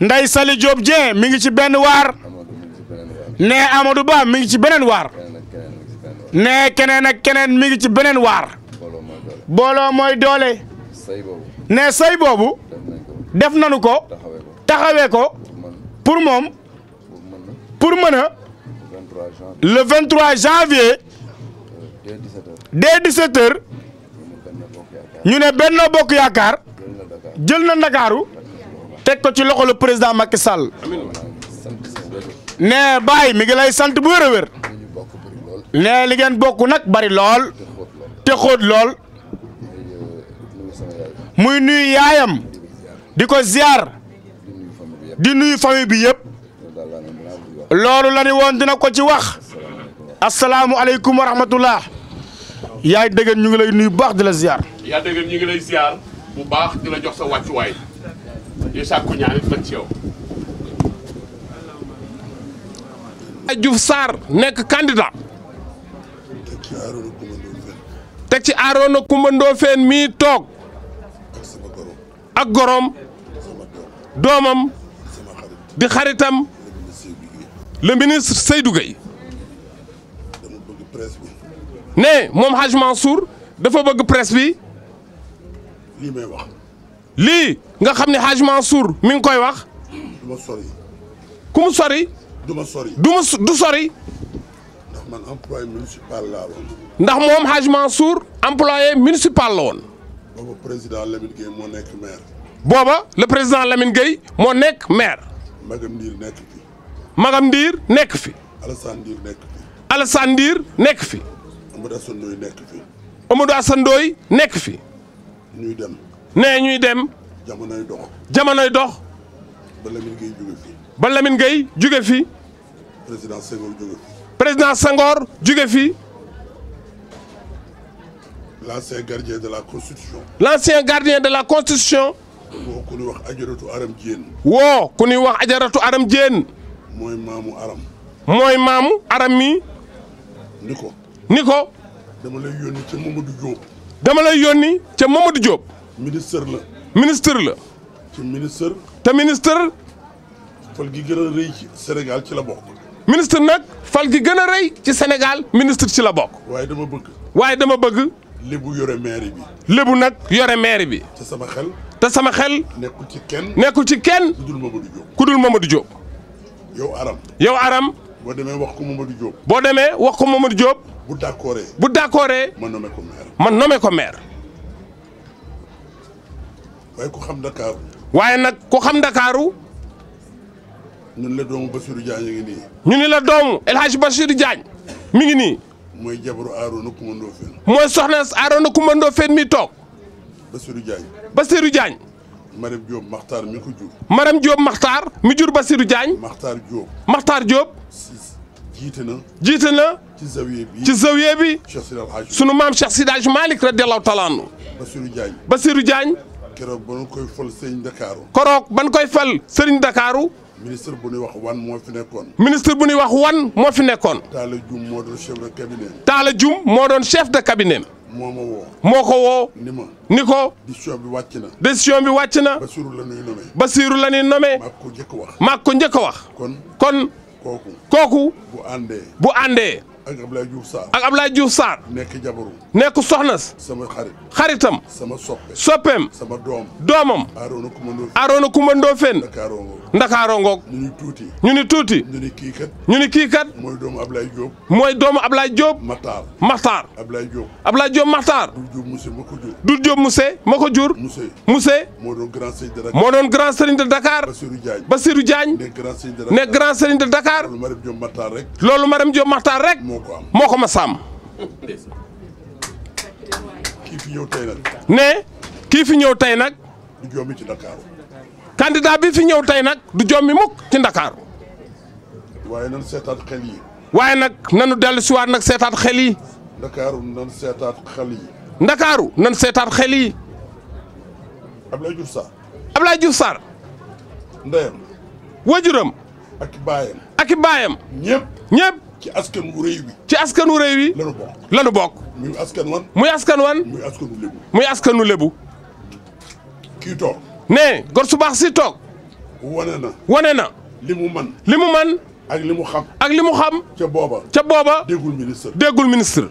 Ndeye Sali Diop Dieng mi ngi ci benn waar. nee Amadou Ba mi ngi ci beneen waar. nee keneen ak keneen mi ngi ci beneen waar. booloo mooy doole. nee say boobu. def nañu ko. taxawee ko. pour moom. pour mën a. le 23 janvier. dès 17 heures. ñu ne Benno Bokk Yaakaar. jël na Ndakaaru. teg ko ci loxo le président Macky Sall nee baay mi ngi lay sant bu wér a wér nee li bokk nag bari lool te xoot lool muy nuyu yaayam di ko ziar di nuyu famille bi yëpp loolu la ni woon dina ko ci wax asalaamualeykum wa rahmatullah yaay dëggan ñu ngi lay nuyu baax di la ziar. yaa dëggan ñu ngi lay ziar bu baax di la jox sa wàccuwaay. yu sàkku nekk candidat. teg ci Arona Coumba Ndoffène mii toog. ak gorom. doomam. di xaritam. le ministre Seydou Gueye. ne moom Hadj Mansour dafa bëgg presse bi. lii lii nga xam ne Hadj Mansour mi ngi koy wax. du ma sori. ku mu sori. du ma sori du ma du ndax moom Hadj Mansour employé municipal la woon. booba président Lamine Gueye moo nekk maire. booba le président Lamine Gueye moo nekk maire. Magam Ndiir nekk fi. Magam Ndiir nekk fi. Alassane Ndiir nekk fi. Alassane Ndiir nekk fi. Amadou Assane Ndoye nekk fi. Amadou Assane Ndoye nekk fi. ñuy dem. nee ñuy dem. jamonoy dox. jamonoy dox. ba Lamine Gueye jóge fi. ba Lamine jóge fi. président Senghor jóge fi. président Senghor jóge fi. l'ancien gardien de la constitution. l'ancien gardien de la constitution. woo ku ñuy wax ajaratu aram Dieng. woo ku ñuy wax ajaratu aram Dieng. mooy maamu aram. mooy maamu aram mi. ni ko. ni ko. dama lay yónni ca Mamadou Diop. dama lay yónni ca Mamadou Diop. ministre la. ministre la. ci ministre. te ministre. fal gi gën a rëy ci Sénégal ci la bokk. ministre nag fal gi gën a rëy ci Sénégal ministre ci la bokk. waaye dama bëgg. waaye dama bëgg. lébu yore maire bi. lébu nag yore maire bi. te sama xel. te sama xel. nekkul ci kenn. nekkul ci kenn. ku dul Mamadou Diop. ku dul Mamadou Diop. yow Aram. yow Aram. boo demee wax ko Mamadou Diop. boo demee wax ko Mamadou Diop. bu d' accordé. bu d' accordé. ma nommé ko maire. ma nommé ko maire. waaye ku xam Dakar. waaye nag ku xam Dakaru ñu ni la doomu Bassirou Diagne ngi nii. ñu ni la doomu El Hadj Bassirou Diagne mi ngi nii. mooy jabaru Arona Coumba Ndoffène. mooy soxna Arona Coumba Ndoffène mi toog. Bassirou Diagne. Bassirou Diagne. Marème Diop Makhtar mi ko jur. Marème Diop Makhtar mi jur Bassirou Diagne. Makhtar Diop. Makhtar Diop. jiite na. jiite na. ci zawiye bi ci zawiye bi. sunu maam Cheikh Sida Malick radiyallahu taala anhu. Bassirou Diagne. Bassirou Diagne. keroog ba ñu koy fal sëriñ Ndakaaru. ban koy fal sëriñ Ndakaaru. ministre bu ñuy wax wan moo fi nekkoon. ministre bu nuy wax wan moo fi nekkoon. Talla Dioum moo doon chef de cabinet. Talla Dioum moo doon chef de cabinet. moo ma woo. moo ko woo. ni ma ni ko. bi wàcc na. décision bi wàcc na. Bassirou la ñuy nommé. Bassirou la ñuy nommé. maa ko njëkk wax. maa ko njëkk wax. kon. kooku kooku. bu àndee bu àndee. ak Ablaye Diouf Sarr. ak Ablaye Diouf Sarr. nekk jabaru. nekk soxnas. sama xarit. xaritam. sama soppe. soppeem. sama doom. doomam. Arona Kumando. Arona Kumando Fenn. Ndakaarongo. Ndakaarongo. ñu ni tuuti. ñu ni tuuti. ñu kii kat. ñu ni kii kat. mooy doomu Ablaye Diop. mooy doomu Ablaye Diop. Matar. Matar. Ablaye Diop. Ablaye Diop Matar. Doudou Diop Moussé ma ko jur. Doudou Diop Moussé ma ko jur. Moussé. Moussé. moo doon grand sëriñ de Dakar. moo doon grand sëriñ de Dakar. Bassirou Diagne. Bassirou Diagne. nekk grand sëriñ de Dakar. nekk grand sëriñ de Dakar. loolu Marème Diop Matar rek. moo ko ma saam kii fi ñëw tey nag. ne kii fi ñëw tey nag. du jommi ci Dakar. candidat bi fi ñëw tey nag du jommi mukk ci Dakar. waaye nan seetaat yi. waaye nag nanu dellu si waat nag seetaat xel yi. Ndakaaru nan seetaat xel yi. Ndakaaru nan seetaat xel yi. wajuram. ak baayam. ak ci askanu réew wi. ci askanu réew wi. lanu bokk lanu bokk. muy askan wan. muy askan wan. muy askanu lébu. muy askanu lébu. kii toog. nee gor su baax si toog. wane na. wane na. li mu man li mu man ak li mu xam. ak li mu xam. ca booba. ca booba. déggul ministre. déggul ministre.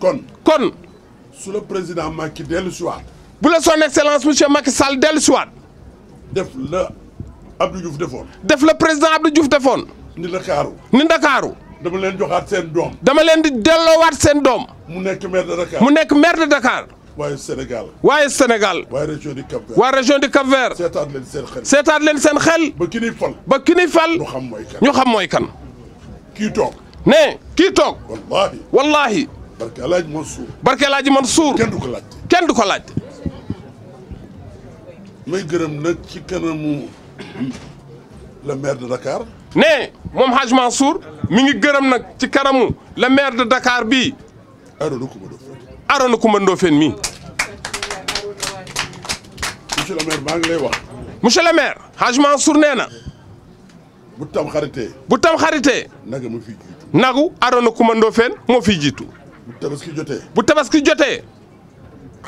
kon. kon. su la président Macky dellu si waat. bu la son excellence monsieur Macky Sall dellu si waat. def la Abdou Diouf defoon. def la président Abdou Diouf defoon. ni Ndakaaru. ni Ndakaaru. dama leen joxaat seen doom. dama leen di delloowaat seen doom. mu nekk maire de Dakar. mu nekk maire de Dakar. waaye waaye Sénégal. waaye région du Cap Vert. leen seen xel. seen xel. ba ki fal. ba ki ni fal. ñu xam mooy kan ñu xam mooy kan. kii toog. ne kii toog. wallaahi. wallaahi. barke El Hadj Mansour. barke El Hadj Mansour. kenn du ko laaj kenn du ko laajte. gërëm nag ci kanamu le ne moom Hadj suur mi ngi gërëm nag ci kanamu le maire de Dakar bii Arona na Ndoffène mii monsieur le maire maa ngi lay wax monsieur le maire Hadj Mansour nee na bu tam xaritee bu tam xaritee nagu moo fi jiitu nagu Arona Coumba Ndoffène moo fiy jiitu bu tabaski jotee bu tabaski jotee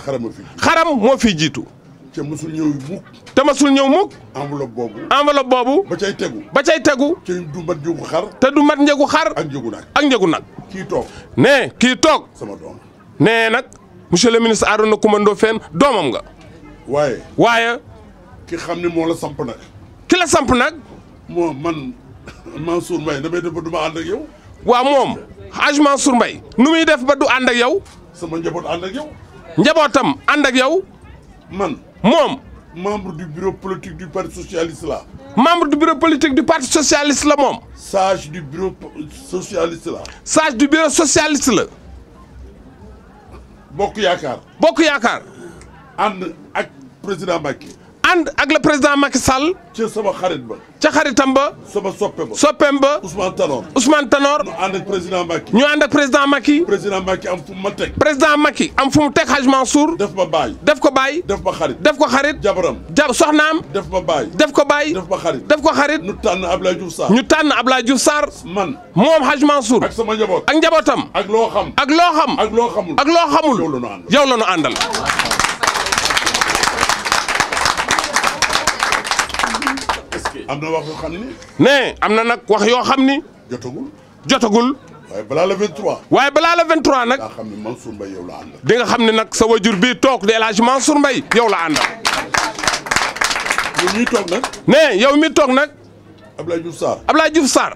xaram moo fiy moo fiy jiitu te masul ñëw mukk. te masul ñëw mukk. enveloppe boobu. enveloppe boobu. ba cay tegu. ba cay tegu. te du mat njëgu xar. te du mat njëgu xar. ak njëgu nag ak njëgu nag. kii toog. nee kii toog. sama doom. nee nag monsieur le ministre Arona Coumba Ndoffène doomam nga. waaye. waaye. ki xam ne moo la samp nag. ki samp nag. moo man Mansour Mbaye damay def du ma ànd yow. waaw moom Hadj Mansour Mbaye nu muy def ba du ànd ak yow. sama njaboot ànd yow. njabootam ànd ak yow. moom. membre du bureau politique du parti socialiste la. membre du bureau politique du parti socialiste la moom. sage du bureau socialiste la. sage du bureau socialiste la. bokk yaakaar. bokk yaakaar. ànd ak président Macky. ànd ak le président Macky Sall. ca sama xarit ba. ca xaritam ba. sama soppe ba soppeem ba. Ousmane Tanor Ousmane Tanor. ñu ànd ak président Macky. ñu ànd ak président Macky. président Macky am fu mu ma teg. président Macky am fu mu teg Hadj Mansour. def ma baay def ko baay. def ma xarit def ko xarit. jabaram ja soxnaam. def ma baay def ko baay. def ma xarit def ko xarit. ñu tànn Abdoulaye Diouf Sarr. ñu tànn Abdoulaye Diouf Sarr. man moom Hadj Mansour. ak sama njaboot ak njabootam. ak loo xam ak loo xam. ak loo xamul ak loo xamul. yow la ñu àndal am na wax am na nag wax yoo xam ni. jotagul jotagul. waaye balaa la 23. waaye balaa la 23 nag. daa xam ne Mansour Mbaye yow la àndal. nga xam ne nag sa wajur bii toog de El Hadj Mansour Mbaye yow la àndal. yow toog nag. ne yow mi toog nag. Abdoulaye Diouf Sarr. Abdoulaye Diouf Sarr.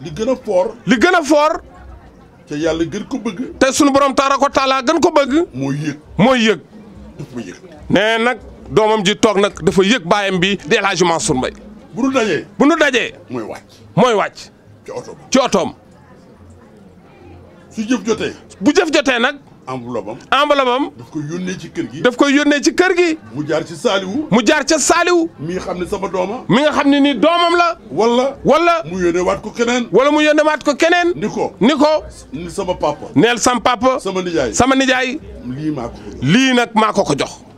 li gën a fort. li gën a fort. te yàlla gën ko bëgg. sunu borom taara ko taalaa gën ko bëgg. mooy yëg mooy yëg. nee nag doomam ji toog nag dafa yëg baayam bi di El Hadj Mansour Mbaye bu nu dajee bu nu dajee. mooy wàcc mooy wàcc. ci otoom ci otoom. su jëf jotee. bu jëf jotee nag. enveloppe am enveloppe am. daf koy yónnee ci kër gi. daf koy yónnee ci kër gi. mu jaar ci saaliwu. mu jaar ca saaliwu. mi nga xam ne sama dooma. mi nga xam ne nii doomam la. wala. wala mu yónnee waat ko keneen. wala mu yónnee waat ko keneen. ni ko ni ko. sama papa. neel sama sama nijaay sama nijaay. lii lii nag maa ko ko jox.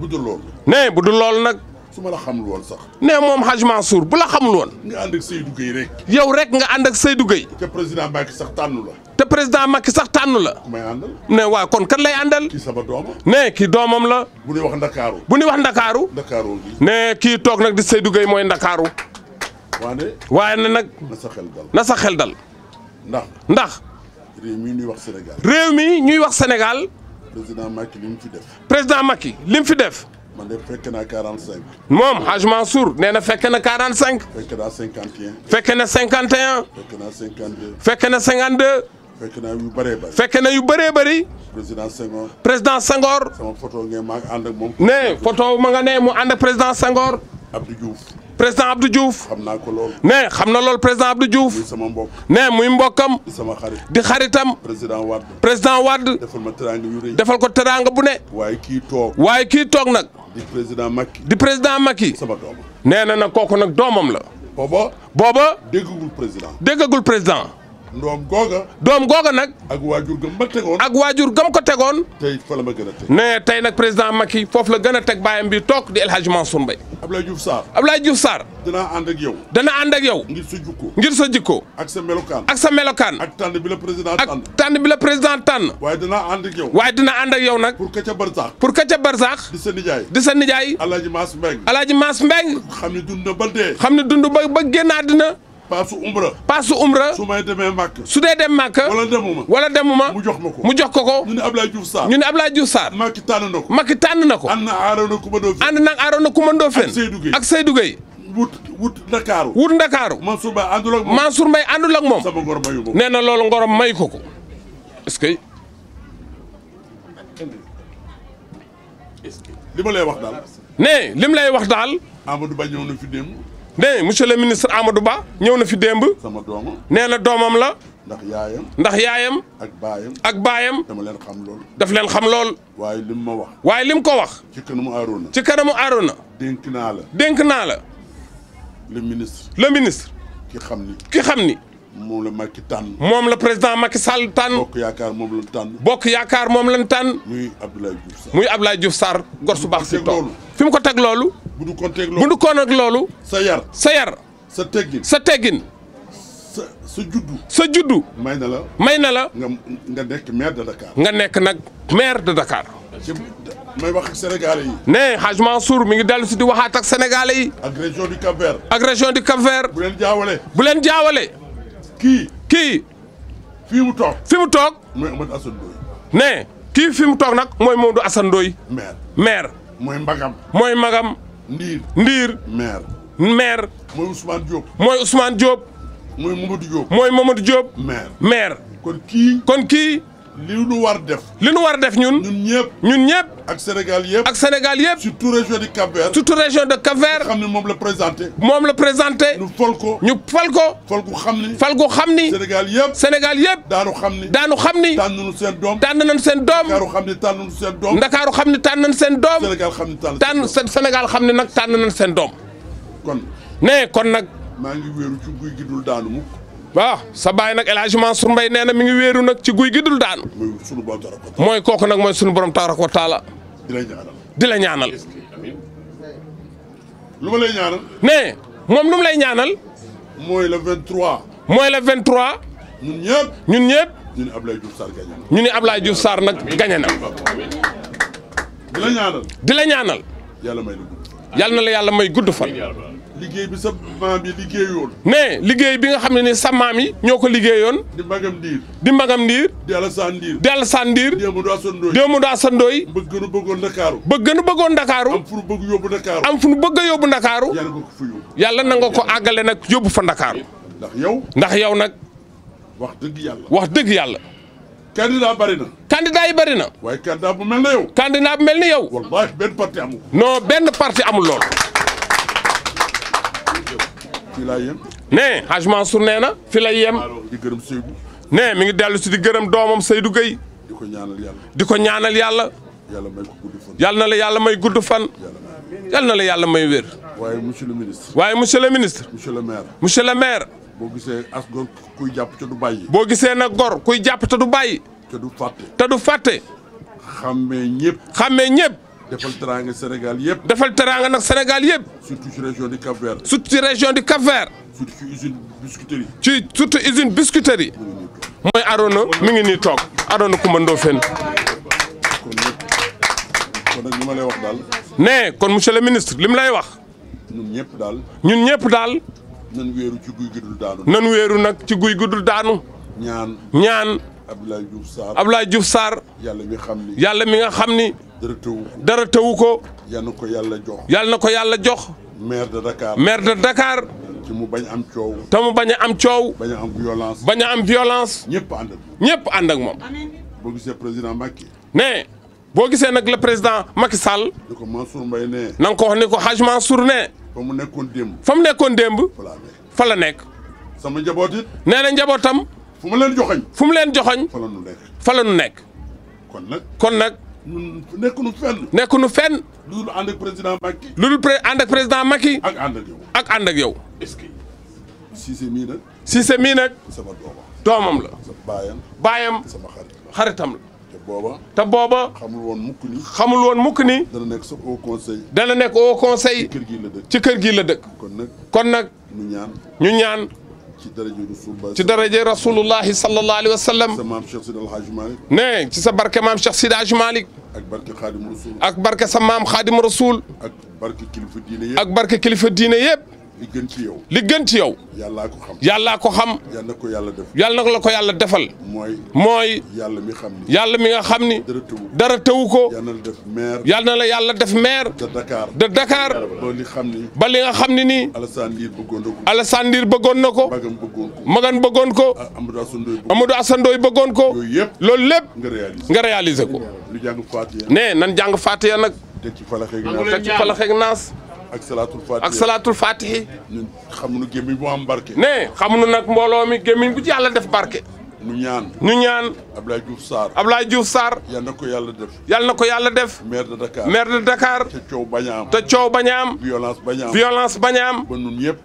budul loolu. nee budul loolu nag. su ma la xamul woon sax. nee moom Hadj suur bu la xamul woon. nga ànd ak yow rek nga ànd ak saydu Gueye. te président Macky sax tànnu la. te président Macky sax tànnu la. may àndal. nee kon kan lay àndal. kii sama doomam. nee kii doomam la. bu ñuy wax Ndakaaru. bu ñuy wax Ndakaaru. Ndakaaru gi. nee kii toog nag di saydu Gueye mooy Ndakaaru. waane. waaye nag. na sa xel na sax xel dal. ndax. ndax. réew mi wax Sénégal. ñuy wax Sénégal. président Macky li mu fi def. président Macky li mu fi def. man de fekk naa 45. moom Hadj Mansour nee na fekk na 45. fekk naa 51. fekk na 51. fekk na 52. fekk na 52. fekk na yu bëree bëri. fekk na yu bëree bëri. président Senghor. président Senghor. sama photo ngeen ma ànd ak moom. nee ma nga ne mu ànd ak président Senghor. Abdou Diouf. président Abdou Diouf. xam naa ko lool. ne xam na lool président Abdou Diouf. muy sama mbokk. ne muy mbokkam. di sama xarit. di xaritam. président Wade. président Wade. defal ma teraanga yu rëy. defal ko teraanga bu ne. waaye kii toog. waaye kii toog nag. di président Macky. di président Macky. sama doomam. nee na nag kooku nag doomam la. booba. booba. déggagul président. déggagul président. ndoom googa. doom googa nag. ak waajur gam ma tegoon. ak waajur gam ko tegoon. tey fa la ma tey nag président Macky foofu la gën a teg bàyyam bi toog di El Hadj Mansour Mbaye. Abdoulaye Diouf Sarr. Abdoulaye Diouf Sarr. danaa ànd ak yow. dana ànd ak yow. ngir sa jukko. ngir sa jikko. ak sa melokaan. ak sa melokaan. ak tànn bi la président tànn. ak tànn bi la président tànn. waaye danaa ànd ak yow. dina ànd yow nag. pour ka ca Barzak. pour ka ca Barzak. di sa nijaay. di sa nijaay. El Hadj Mass Mbengue. El Hadj Mass Mbengue. xam ne dund ba xam ne dund ba ba génn àddina paasu umra. paasu umra. su su dee dem Màkk. wala demuma. wala demuma. ma ko mu jox ko ko. ñu ne Ablaye Diouf Sarr. ñu ne Ablaye tànn na ko. Màkk tànn na ko. ànd na aaroon na kumandoo fen. ànd ak Seydou Gueye wut wut Ndakaaru. wut Ndakaaru. Mansour Mbaye àndul ak moom Mansour Mbaye àndul ak moom. sama ko nee na loolu ngorom may ko ko. est que. li lay wax daal. nee lim lay wax daal. Amadou Ba ñëw na ne monsieur le ministre Amadou Ba ñëw na fi démb. sama doomam nee na doomam la. ndax yaayam ndax yaayam. ak baayam ak baayam. dama leen xam lool. daf leen xam lool. waaye lim ma wax. waaye lim ko wax. ci kanamu Arouna. ci kanamu Arouna. dénk naa la. dénk naa la. le ministre. le ministre. ki xam ni ki xam ni. moom la Macky tànn. moom la président Macky Sall tànn. bokk yaakaar moom lañ tànn. bokk yaakaar moom lañ tànn. muy Abdoulaye Diouf Sarr muy Abdoulaye Diouf Sarr gor su baax si tool fi mu ko teg loolu. bu ko teg loolu ko nag sa yar sa sa teggin sa teggin. sa sa juddu. sa juddu. may na la may na la. nga nga nekk maire nga nekk nag maire de Dakar. may wax ak sénégalais yi. ne Hadj Mansour mi ngi dellu si di waxaat ak sénégalais yi. ak région du jaawale. kii kii. fii mu toog fi mu toog. mooy kii fi mu toog nag mooy Mamadou Assane Ndoye. maire mooy Mbagam. mooy Magam. Ndiir Ndiir. maire maire. mooy Ousmane Diop. mooy Ousmane Diop. mooy kon kii. li nu war def. li nu war def ñun. ñun ñëpp ñun ñëpp. ak Sénégal yëpp ak Sénégal yëpp. surtout région de Cap-Vert. surtout région de cap la présenté. moom la présenté. ñu fal ko ñu ko. fal ko xam ni fal ko xam ni. Sénégal yëpp Sénégal yëpp. daanu xam ni daanu xam ni. tànn nañu seen doom tànn nañu seen doom. Ndakaaru xam ni tànn nañu seen doom. Ndakaaru xam ni tànn nañu seen doom. Sénégal xam ni tànn nañu seen doom Sénégal xam ni nag tànn nañu seen doom. kon. nee kon nag. maa ngi wéeru ci gi dul daanu mukk waaw sa baay nag El Hadj Mansour nee na mi ngi weeru nag ci guy gi dul daanu. mooy kooku nag mooy sunu borom tabaraka wa taala. di la ñaanal di la ñaanal. lu nee moom lu lay ñaanal. mooy le 23. mooy le 23. ñun ñëpp ñun ñëpp. ñu ni Ablaye Diouf Sarr nag gagné na. di la ñaanal. di la ñaanal. yàlla may la na la yàlla may gudd fan. liggéey bi sa maam yi liggéeyoon. liggéey bi nga xam ne ni sa maam ñoo ko liggéeyoon. di Magam Ndiir. di Magam Ndiir. di Alassane Ndiir. di Alassane Ndiir. di Amadou Assane Ndoye. di Amadou Assane Ndoye. bëgg nu nu bëggoon Ndakaaru. am fu nu bëgg yóbbu Ndakaaru. am fu yàlla ko fa na nga ko àggale nag yóbbu fa Ndakaaru. ndax yow. ndax yow nag. wax dëgg yàlla. wax dëgg yàlla. candidat bari na. candidat yi bari na. waaye candidat bu mel ne yow. candidat bu mel ni yow. wallaahi benn benn parti amul lool fii laa yem. nee Hadj Mansour nee na fi lay yem. di gërëm Seydou. nee mi ngi dellu si di gërëm doomam Seydou Gueye. di ko ñaanal yàlla. di ko ñaanal yàlla. yàlla may gudd fan. yàlla na la yàlla may gudd fan. yàlla la yàlla may wér. waaye monsieur le ministre. waaye monsieur le ministre. monsieur le maire. monsieur le maire. boo gisee as gor kuy jàpp te du bàyyi. boo gisee nag gor kuy jàpp te du bàyyi. te du fàtte. te du fàtte. xàmmee ñëpp. xàmmee ñëpp. defal teraanga Sénégal yëpp. defal teraanga nag Sénégal yëpp. surtout ci région du cap ci région du Cap-Vert. surtout ci usine biscuiterie. mooy Arona mi ngi nii toog Arona Coumba Ndoffène. kon nag ma lay wax daal. nee kon monsieur le ministre li mu lay wax. ñun ñëpp daal. ñun ñëpp daal. nan wéeru ci nag ci guy gudd daanu. ñaan ñaan. Abdoulaye Diouf Sarr Abdoulaye Diouf Sarr. yàlla mi xam yàlla mi nga xam ni. dara tëwu ko dara ko. yal ko yàlla jox yal na ko yàlla jox. maire de Dakar maire de Dakar. te mu bañ am coow. te mu bañ am coow. bañ a am violence. bañ a am violence. ñëpp ànd moom ñëpp ànd ak moom. boo gisee président Macky. ne boo gisee nag la président Macky Sall. ni ko Mansour Mbaye nee. na nga ko wax ni ko Hadj Mansour nee. fa mu nekkoon démb. fa mu nekkoon démb. fa la nekk. nee na njabootam. fu mu leen joxoñ fu mu leen joxoñ fa la nu nekk fa la nekk. kon nag kon nag. ñun nekkunu fenn. fenn. lu dul ànd ak président Macky. lu dul ànd ak président Macky. ak ànd ak yow. ak ànd ak yow. est-ce que Cissé mii nag. Cissé mii nag. sama doomam doomam la. baayam baayam. sama xaritam xaritam la. te booba. te booba. xamul woon mukk ni. xamul woon mukk ni. dana nekk sa au conseil. dana nekk au conseil. ci kër gii la dëkk ci kër gii la dëkk. kon nag. kon nag. ñu ñaan. ci daraje rasulullah ci daraje rasulullahi sallallahu alayhi wa sallam. sa maam Cheikh Sidi Alhaji Malick. nee ci sa barke maam Cheikh Sidi Alhaji Malick. ak barke Xaadim Rasul. ak barke sa maam Xaadim Rasul. ak barke kilifa diine yëpp. ak barke kilifa diine yëpp. li gën yow. li gën ci yow. yàllaa ko xam yàllaa ko xam. yàlla na ko yàlla def na la ko yàlla defal. mooy. mooy. yàlla mi xam yàlla mi nga xam ni. dara tëwu ko dara ko. yàlla na la def maire. yàlla la yàlla def maire. de Dakar da Dakar. ba li xam ni. ba li nga xam ni nii. Alassane Ndiir bëggoon na ko. bëggoon na ko. Magan bëggoon ko. Magan bëggoon ko. Amadou Assane Ndoye bëggoon ko. Amadou Assane bëggoon ko. yëpp loolu lépp. nga réaliser ko. lu jàng nee nan jàng Fatiha nag. teg falaxeeg naas ak salaatul faatihi ak salaatul faatihi. ñun xamuñu gémmiñ bu am barke. ne xamuñu nag mbooloo mi gémmiñ bu ci yàlla def barke. ñu ñaan ñu ñaan. Abdoulaye Diouf Sarr Abdoulaye Diouf Sarr. yàlla def. yal na ko yàlla def. maire de Dakar maire Dakar. te coow bañaam te coow bañaam. violence bañaam violence ba ñun ñëpp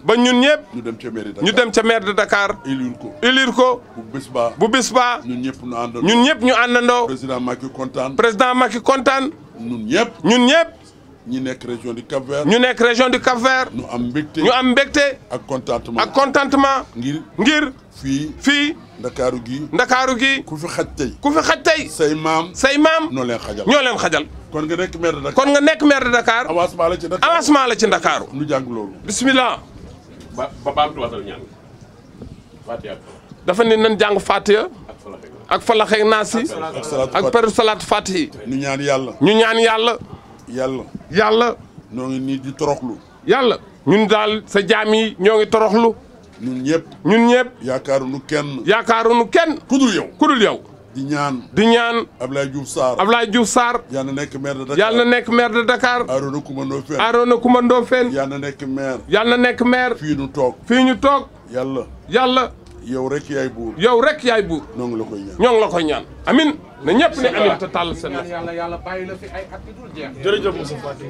ba dem ca maire de Dakar ñu dem ca maire de Dakar. élire ko bu bis baa bu bis baa. ñun ñëpp ñu ñëpp ñu àndandoo. président Macky kontaan président Macky kontaan. ñun ñëpp ñëpp. ñu nekk région du Cap ñu nekk région du Cap Vert. ñu am mbégte ak contentement ak contentement. ngir ngir. fii fii. ndakaaru gi ndakaaru gi ku fi xaj tey. ku fi xaj tey. say maam say maam. ñoo leen xajal ñoo leen xajal. kon nga nekk maire de Dakar kon nga nekk maire de Dakar. avancement la ci Dakar avancement la ci Dakar. ñu jàng loolu. bismillah. ba ba baam tuwaatal ñaan. Fatiha. dafa ne nañ jàng Fatiha. ak falaxeeg naasi. ak salaatu ak per salaatu ñaan yàlla ñu ñaan yàlla. yàlla yàlla ñoo ngi nii di toroxlu yàlla ñun daal sa jaam yi ñoo ngi toroxlu ñun ñëpp ñun ñëpp yaakaaruñu kenn yaakaaruñu kenn ku dul yow ku dul yow di ñaan di ñaan Ablaye Diouf Sarr Ablaye Diouf saar yàlla na nekk maire de Dakar yàlla na nekk maire de Dakar Arona Coumba Ndoffène Arona Coumba Ndoffène yàlla na nekk maire yàlla nekk maire fii ñu toog fii ñu toog yàlla yàlla yow rek yaay buur yow rek yaay buur. ñoo ngi la koy ñaan ñoo ngi la koy ñaan amin na ñëpp ne amin te tàll seen la yàlla yàlla bàyyi la fi ay at yu dul jeex. jërëjëf Moussa Fatou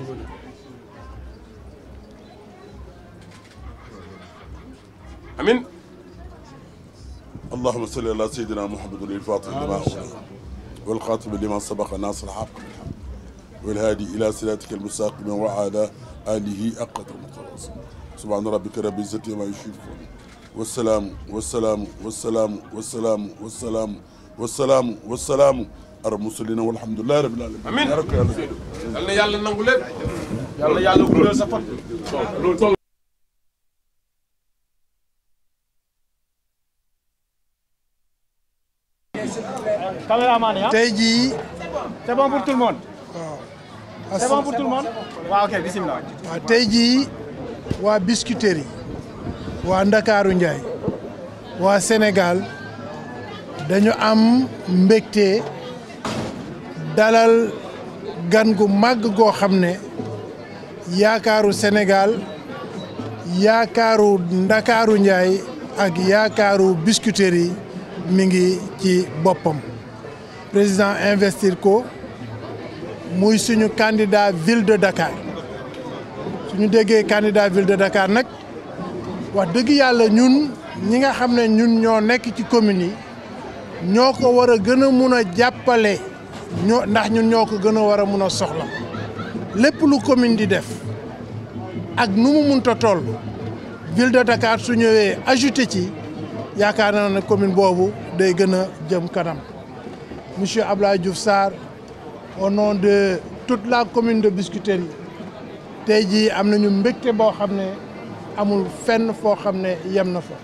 amin allahuma salli ala sayidina muhammadin ilfatih lima ughliqa walxatimi lima sabaqa nasir alxaq bilxaq walhaadi ila siratika almustaqim wa ala alihi aqadar mutawas subhana rabbika rabbi izzati ma yushrikun والسلام والسلام والسلام والسلام والسلام والسلام والسلام bon pour tout monde. waaw. Ah. bon pour tout monde. waaw ok bisimilah. Ah, waaw waa Ndakaaru Njaay waa Sénégal dañu am mbégte dalal gan gu màgg goo xam ne yaakaaru Sénégal yaakaaru Ndakaaru Njaay ak yaakaaru Biscuiterie yi mi ngi ci boppam président investir ko muy suñu candidat ville de Dakar suñu déggee candidat ville de Dakar nag wax dëgg yàlla ñun ñi nga xam ne ñun ñoo nekk ci communes yi ñoo ko war a gën a mun a jàppale ñoo ndax ñun ñoo ko gën a war a mun a soxla lépp lu commune di def ak nu mu munta toll ville de Dakar su ñëwee ci yaakaar naa ne commune boobu day gën a jëm kanam monsieur Abdoulaye Diouf Sarr au nom de toute la commune de Biscuiterie tey jii am nañu mbégte boo xam ne amul fenn foo xam ne yem na fa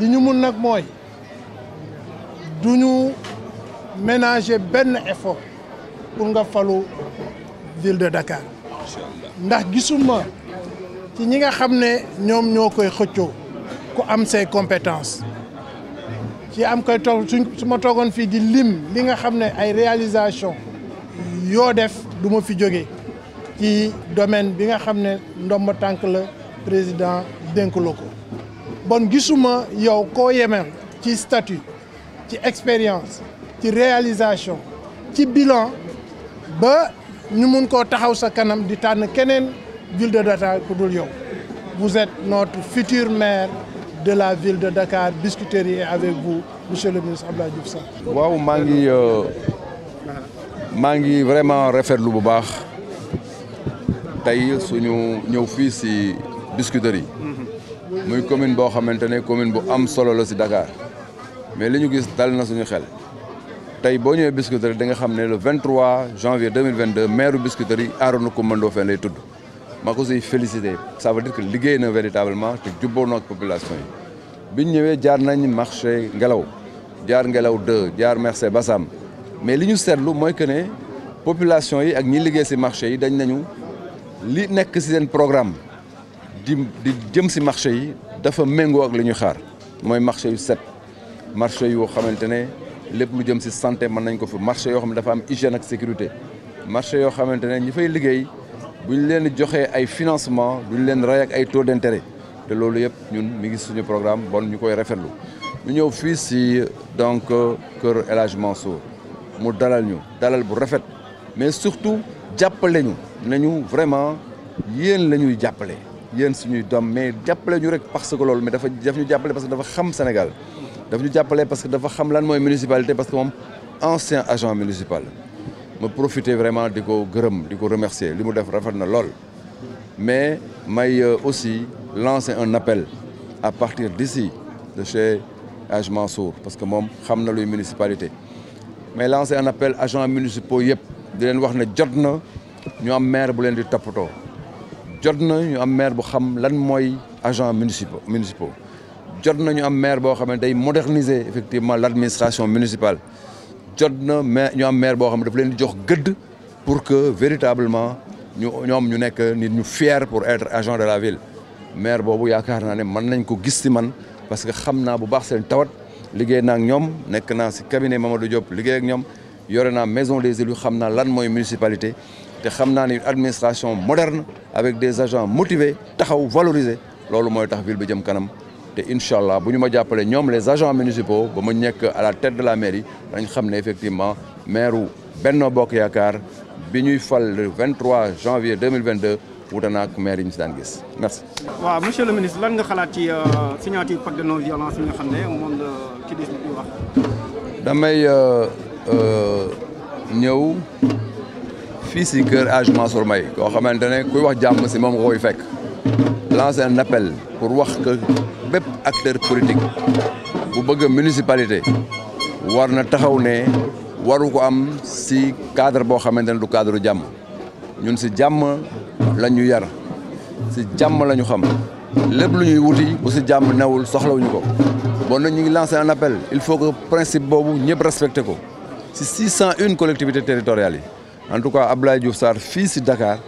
li ñu mun nag mooy du ñu ménager benn effort pour nga falu ville de Dakar ndax gisuma ci ñi nga xam ne ñoom ñoo koy xëccoo ku am say compétence ci am koy toog su ma toogoon fii di lim li nga xam ne ay réalisation yoo def du ma fi jóge ci domaine bi nga xam ne ndomba tànk la président dénk la ko bon gisuma yow koo yemel ci statut ci expérience ci réalisation ci bilan ba ñu mun koo taxaw sa kanam di tànn keneen ville de Dakar ku dul yow vous êtes notre futur maire de la ville de Dakar Biscuiterie avec vous monsieur le ministre Abdoulaye Diouf Sarr. waaw maa ngi euh, vraiment rafetlu bu baax tey suñu ñëw fii si. Biscuiterie yi muy commune boo xamante ne commune bu am solo la si Dakar mais li ñu gis dal na suñu xel tey boo ñëwee Biscuiterie da nga xam ne le 23 janvier 2022 maire Biscuiterie yi Arouna Coumba Ndoffène lay tudd ma ko siy félicité ça veut dire que liggéey na véritablement te jubboo na ak population yi biñ ñëwee jaar nañ marché ngelaw jaar ngelaw 2 jaar marché basam mais li ñu seetlu mooy que ne population yi ak ñi liggéey si marché yi dañ nañu li nekk si seen programme di di jëm si marché yi dafa méngoo ak li xaar mooy marché yu set marché yoo xamante ne lépp lu jëm si santé mën nañ ko fi marché yoo xam ne dafa am hygiène ak sécurité marché yoo xamante ne ñi fay liggéey bu ñu leen joxee ay financement du ñu leen ray ak ay taux d'intérêt te loolu yëpp ñun mi ngi suñu programme bon ñu koy rafetlu ñu ñëw fii si donc kër El Hadj mu dalal ñu dalal bu rafet mais surtout jàppale ñu nañu vraiment yéen la ñuy jàppale yéen suñuy doom mais jàppale ñu rek parce que loolu mais dafa daf ñu jàppale parce que dafa xam Sénégal daf ñu jàppale parce que dafa xam lan mooy municipalité parce que moom ancien agent municipal ma profité vraiment di ko gërëm di ko remercier li mu def rafet na lool mais may euh, aussi lancer un appel à partir d'ici de chez agement Mansour parce que moom xam na luy municipalité mais lancer un appel agents municipaux yëpp di leen wax ne jot na ñu am maire bu leen di toppatoo jot na ñu am maire bu xam lan mooy agent municipaux municipaux jot na ñu am maire boo xam ne day moderniser effectivement l' administration municipale jot na maire ñu maire boo xam ne daf leen di jox gëdd pour que véritablement ñu ñoom ñu nekk nit ñu fier pour être agent de la ville maire boobu yaakaar naa ne mën nañ ko gis si man parce que xam naa bu baax seen tawat liggéey naa ak ñoom nekk naa ci cabinet Mamadou Diop liggéey ak ñoom yore naa maison des élus xam naa lan mooy municipalité te xam naa ni une administration moderne avec des agents motivés taxaw valorisés loolu mooy tax ville bi jëm kanam te incha allah bu ñu ma jàppalee ñoom les agents municipaux ba ma nekk à la tête de la mairie dañ xam ne effectivement maire wu Benno Bokk Yaakaar bi ñuy fal le 23 janvier 2022 wuute na ak maire yi ñu si daan gis merci. waaw monsieur le ministre lan nga xalaat ci euh, signature pacte de non violence bi nga xam ne moom la euh, ci dis bi wax. damay euh, ñëw. fii si kër Hadj Mansour Mbaye koo xamante kuy wax jàmm si moom nga koy fekk lancer un appel pour wax que bépp acteur politique bu bëgg municipalité war na taxaw ne waru ko am si cadre boo xamante ne du cadre jàmm ñun si jàmm la ñu yar si jàmm la ñu xam lépp lu ñuy wuti bu si jàmm nawul soxlawuñu ko bon nag ñu ngi lancer un appel il faut que principe boobu ñëpp respecté ko si 601 collectivités territoriales yi en tout cas Abdoulaye Diouf Sarr fii si Dakar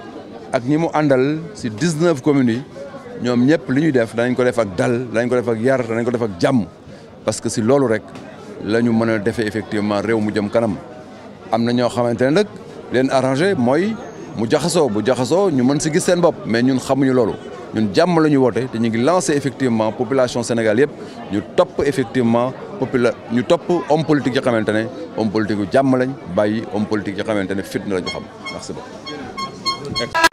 ak ñi mu àndal si 19 communes yi ñoom ñëpp li ñuy def danañ ko def ak dal danañ ko def ak yar danañ ko def ak jàmm parce que si loolu rek la ñu mën a defee effectivement réew mu jëm kanam am na ñoo xamante ne nag leen arrangé mooy mu jaxasoo bu jaxasoo ñu mën si gis seen bopp mais ñun xamuñu loolu ñun jàmm la ñu woote te ñu ngi lancé effectivement population Sénégal yëpp ñu topp effectivement popula ñu topp homme politique yoo xamante ne homme politique jàmm lañ bàyyi homme politique yoo xamante ne fitna la ñu xam merci